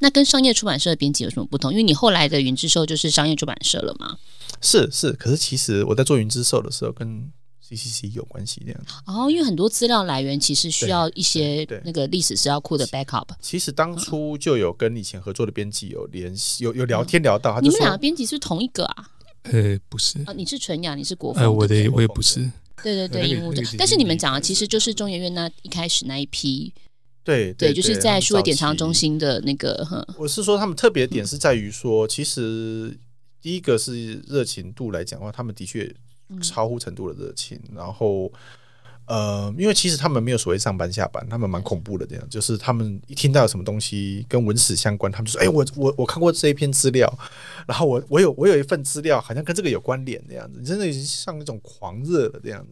那跟商業出版社的編輯有什麼不同？因為你後來的雲之獸就是商業出版社了嗎？是是，可是其實我在做雲之獸的時候，跟 C C C 有關係這樣子。哦，因為很多資料來源其實需要一些那個歷史資料庫的 backup 其。其實當初就有跟以前合作的編輯有聯繫，有有，有聊天聊到，嗯、他你們兩個編輯是同一個啊？呃、欸，不是啊，你是純陽，你是國服哎、啊，我的我也不是。對，對對對、那個那個對，那個、對，但是你們講啊，其實就是中研院那一開始那一批，對對，對，對，就是在數位典藏中心的那個。對對對，就是那個、我是說，他們特別點是在於說、嗯，其實第一個是熱情度來講的話，他們的確超乎程度的熱情、嗯，然後。呃，因為其實他們沒有所謂上班下班，他們蠻恐怖的這樣。就是他們一聽到有什麼東西跟文史相關，他們就說：“哎、欸，我我我看過這一篇資料，然後我我有我有一份資料，好像跟這個有關聯的樣子。”真的已經像一種狂熱的這樣子。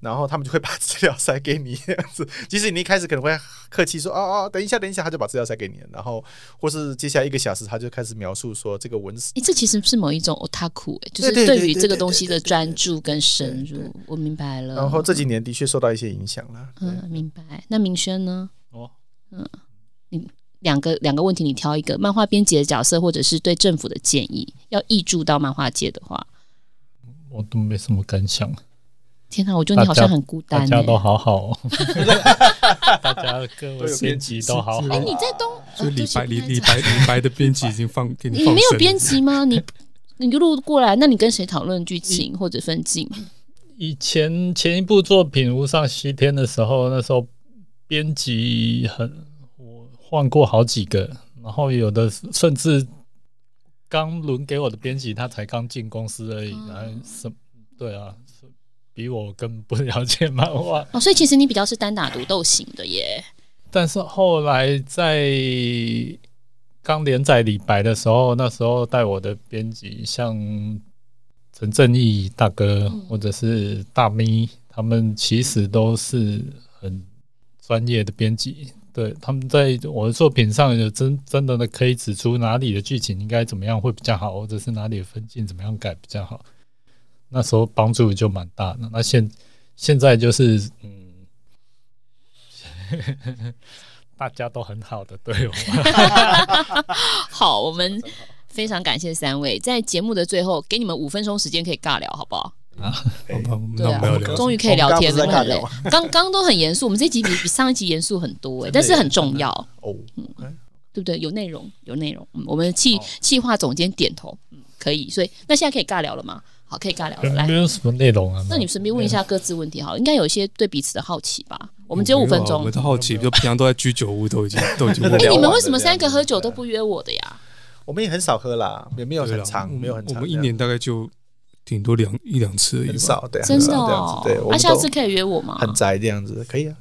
然後他們就會把資料塞給你這樣子。即使你一開始可能會客氣說：“哦、啊、哦、啊，等一下，等一下。”他就把資料塞給你，然後或是接下來一個小時，他就開始描述說這個文史。欸、這其實不是某一種 otaku，、欸、就是對於這個東西的專注跟深入。我明白了。然後這幾年的確。受到一些影響了。嗯，明白。那明軒呢？哦、oh.，嗯，你兩個兩個問題，你挑一個。漫畫編輯的角色，或者是對政府的建議，要挹注到漫畫界的話，我都沒什麼感想。天哪，我覺得你好像很孤單、欸大。大家都好好、哦， 大家各位編輯都好好。哎、欸，你在東、啊，就李白，李李白，李白的編輯已經放給你放，你沒有編輯嗎？ 你你就錄過來，那你跟誰討論劇情或者分鏡？嗯以前前一部作品《無上西天》的時候，那時候編輯很，我換過好幾個，然後有的是甚至剛輪給我的編輯，他才剛進公司而已，還、嗯、是對啊，是比我更不了解漫畫哦。所以其實你比較是單打獨鬥型的耶。但是後來在剛連載《李白》的時候，那時候帶我的編輯像。陳正義大哥，或者是大咪，嗯，他們其實都是很專業的編輯，對，他們在我的作品上有真真的可以指出哪裡的劇情應該怎麼樣會比較好，或者是哪裡的分鏡怎麼樣改比較好，那時候幫助就蠻大的。那現現在就是，嗯， 大家都很好的對我， 好，我們。 非常感謝三位，在節目的最後，給你們五分鐘時間可以尬聊，好不好？啊，欸、對啊我們，終於可以聊天了。好剛剛，不 剛，剛都很嚴肅，我們這集比比上一集嚴肅很多哎、欸， 但是很重要 哦，嗯，對不對？有內容，有內容。我們企、哦、企劃總監點頭，嗯、可以。所以那現在可以尬聊了嗎？好，可以尬聊了。來，沒有什麼內容啊。那你們順便問一下各自問題哈，應該有一些對彼此的好奇吧？嗯、我們只有五分鐘，啊、我們都好奇，就、啊、平常都在居酒屋 都，都已經都已經在 你們為什麼三個喝酒都不約我的呀？我們也很少喝啦，啦也沒有很長，沒有很長。我們一年大概就頂多兩一兩次，很少對，很少對真的哦。對，那、啊、下次可以約我嗎？很宅這樣子，可以啊。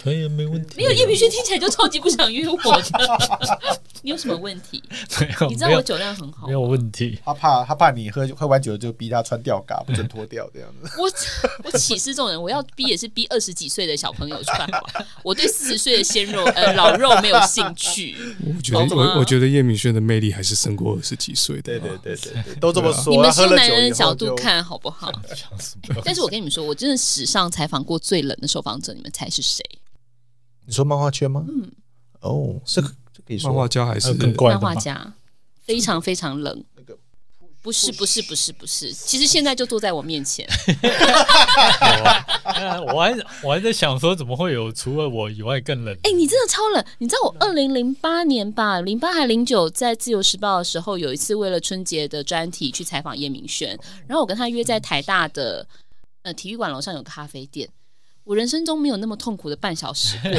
可以，沒問題。沒有葉明軒聽起來就超級不想約我的。 你有什麼問題？沒有，你知道我酒量很好沒。沒有問題。他怕他怕你喝喝完酒就逼他穿吊嘎，不准脫掉這樣子。 我我豈是這種人？我要逼也是逼二十幾歲的小朋友穿。 我對四十歲的鮮肉呃老肉沒有興趣。 我覺得我我覺得葉明軒的魅力還是勝過二十幾歲。 對,對對對對，都這麼說。你們從男人的角度看好不好？想、啊、但是我跟你們說，我真的史上採訪過最冷的受訪者，你們猜是誰？你說漫畫圈嗎？嗯，哦，是。可以說漫畫家還是更怪漫畫家，非常非常冷。那個不是不是不是不是，其實現在就坐在我面前。 我我還我還在想說，怎麼會有除了我以外更冷？哎、欸，你真的超冷！你知道我二零零八年吧，零八還零九，在自由時報的時候，有一次為了春節的專題去採訪葉明軒，然後我跟他約在台大的、嗯、呃體育館樓上有個咖啡店。我人生中沒有那麼痛苦的半小時過。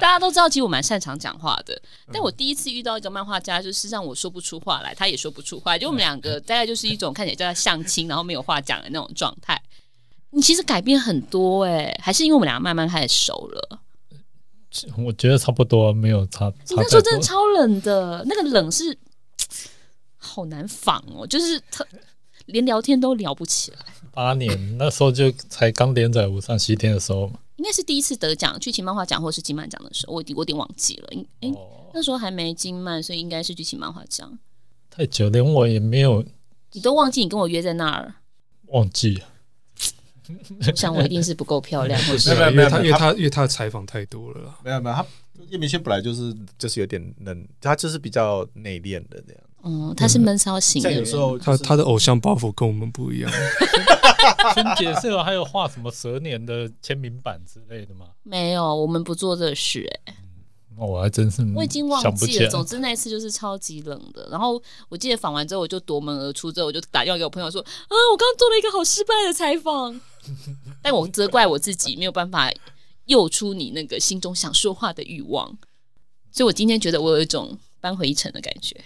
大家都知道，其實我蠻擅長講話的。但我第一次遇到一個漫畫家，就是讓我說不出話來，他也說不出話來，就我們兩個大概就是一種看起來叫他相親，然後沒有話講的那種狀態。你其實改變很多哎、欸，還是因為我們兩個慢慢開始熟了。我覺得差不多，沒有差。差多，你那時候真的超冷的，那個冷是好難防哦，就是特連聊天都聊不起來。八年那時候就才剛連載《無上西天》的時候，應該是第一次得獎，劇情漫畫獎或是金漫獎的時候，我我有點忘記了。因、欸、因、哦，那時候還沒金漫，所以應該是劇情漫畫獎。太久，連我也沒有。你都忘記你跟我約在那兒？忘記。我想我一定是不夠漂亮， 或是沒有沒有他，因為他、他、他、他因為他的採訪太多了。沒有沒有他，葉明軒本來就是就是有點冷，他就是比較內斂的那樣。嗯，他是悶騷型的。有時候、就是，他他的偶像包袱跟我們不一樣。春節社還有畫什麼蛇年的簽名板之類的嗎？沒有，我們不做這事。哎、嗯哦，我還真是我已經忘記了。總之那一次就是超級冷的。然後我記得訪完之後，我就奪門而出，之後我就打電話給我朋友說：“啊，我剛做了一個好失敗的採訪。 ”但我責怪我自己沒有辦法誘出你那個心中想說話的欲望。所以我今天覺得我有一種扳回一城的感覺。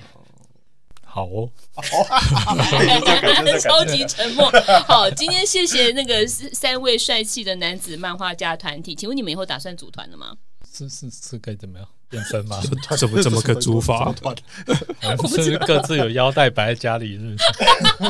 好，哦，好， 超級沉默。好，今天謝謝那個三位帥氣的男子漫畫家團體。請問你們以後打算組團了嗎？是是是，該怎麼樣變身嗎？怎麼怎麼個組法團？ 是，是各自有腰帶擺在家裡是是？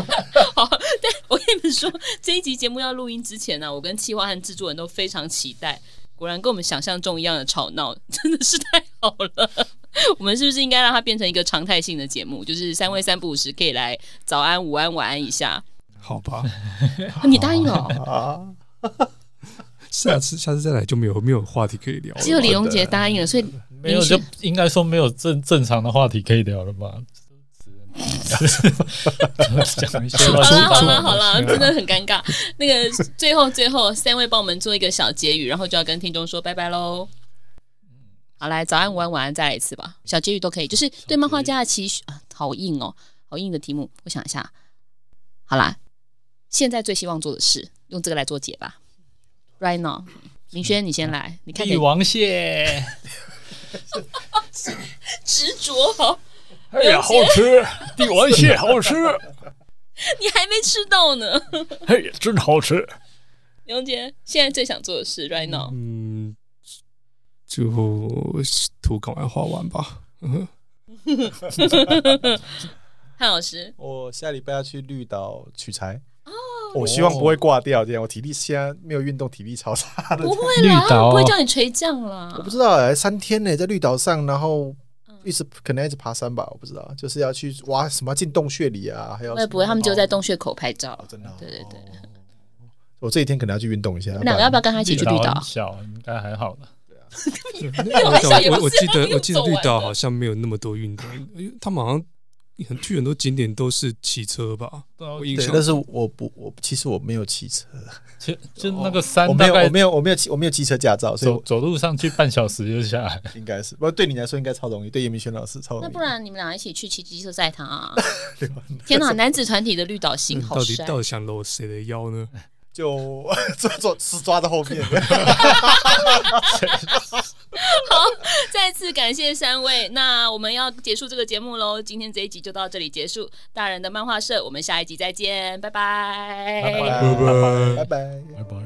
好，但我跟你們說，這一集節目要錄音之前呢、啊，我跟企劃和制作人都非常期待。果然跟我們想象中一樣的吵鬧，真的是太好了。 我們是不是應該讓它變成一個常態性的節目？就是三位三不五時，可以來早安、午安、晚安一下。好吧， 你答應了好啊？下 次下次再來就沒有沒有話題可以聊了，只、啊、有李隆杰答應了，所以沒有就應該說沒有正正常的話題可以聊了吧？哈哈哈哈哈。好啦，好啦，好了，真的很尷尬。 那個最後最後三位幫我們做一個小結語，然後就要跟聽眾說拜拜嘍。好來，來早安、午安、晚安，再來一次吧。小結語都可以，就是對漫畫家的期許、啊。好硬哦，好硬的題目。我想一下，好啦，現在最希望做的事，用這個來做解吧。Right now，明軒，你先來，你看你帝王蟹， 執着好、哦。哎呀，好吃！帝王蟹 好吃。 你還沒吃到呢。 嘿，真好吃。隆杰，現在最想做的事，Right now。嗯。就圖趕快畫完吧。潘 老師，我下禮拜要去綠島取材，oh, 我希望不會掛掉這樣。我體力現在沒有運動，體力超差的。不會啦，我不會叫你垂降啦。我不知道，欸，來三天呢，欸，在綠島上，然後一直、嗯、可能一直爬山吧。我不知道，就是要去挖什麼進洞穴裡啊，還有、啊、不，不會，他們就在洞穴口拍照。哦、真的、啊，對對對。哦、我這幾天可能要去運動一下。那我要不要跟他一起去綠島？綠島小應該還好吧。我我記得我記得綠島好像沒有那麼多運動，因為他們好像很去很多景點都是騎車吧，我對吧？但是我不，我其實我沒有騎車，其實就，就那個山，我沒有我沒有我沒有我沒有騎車駕照，走走路上去半小時就下來，應該是。不過對你來說應該超容易，對葉明軒老師超容易。那不然你們倆一起去騎機車載他。啊？ 天哪，男子團體的綠島行，到底到底想摟誰的腰呢？就抓抓是抓在後面。 好，再次感謝三位。那我們要結束這個節目嘍，今天這一集就到這裡結束。大人的漫畫社，我們下一集再見，拜拜。拜拜拜拜拜拜。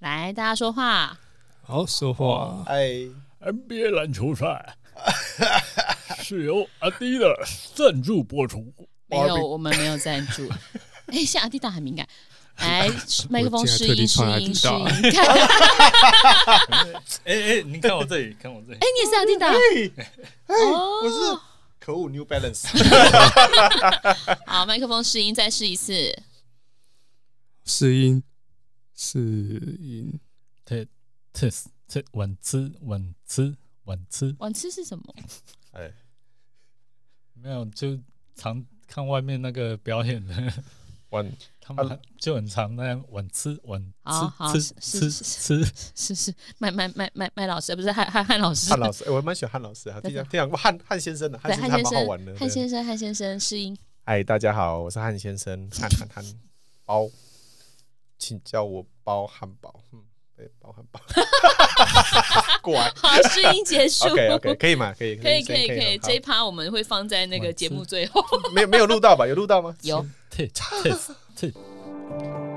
來，大家說話。好，說話。Oh, I... NBA 籃球賽 是由 Adidas 贊助播出。沒有，我們沒有贊助。 哎，像阿迪達很敏感、 哎。哎，麥克風試音試音試音。哎哎，你看我這裡，看我這裡。哎，你也是阿迪達？哎，不、哎哎、 我是可，可惡，New Balance。 好，麥克風試音，再試一次。試音，試音。T T T 晚吃，晚吃，晚吃，晚吃是什麼？哎，沒有，就常。看外面那個表演的，玩他們就很常、啊、那樣玩吃玩吃吃吃吃吃，我、哦哦、是，是，吃是，是，是麥麥麥麥麥老師不是漢漢漢老師，漢老師哎、欸，我蠻喜歡漢老師哈、啊，聽講聽講過漢漢先生的、啊，漢先生還蠻好玩的，漢先生漢先生試音，嗨大家好，我是漢先生漢漢漢包，請叫我包漢堡。嗯 拐好，聲 音結束，okay, okay, 可以嗎？可以，可以，可以，可以，可以，可以，可以。這一趴我們會放在那個節目最後， 沒，沒有沒有錄到吧？ 有錄到嗎？有，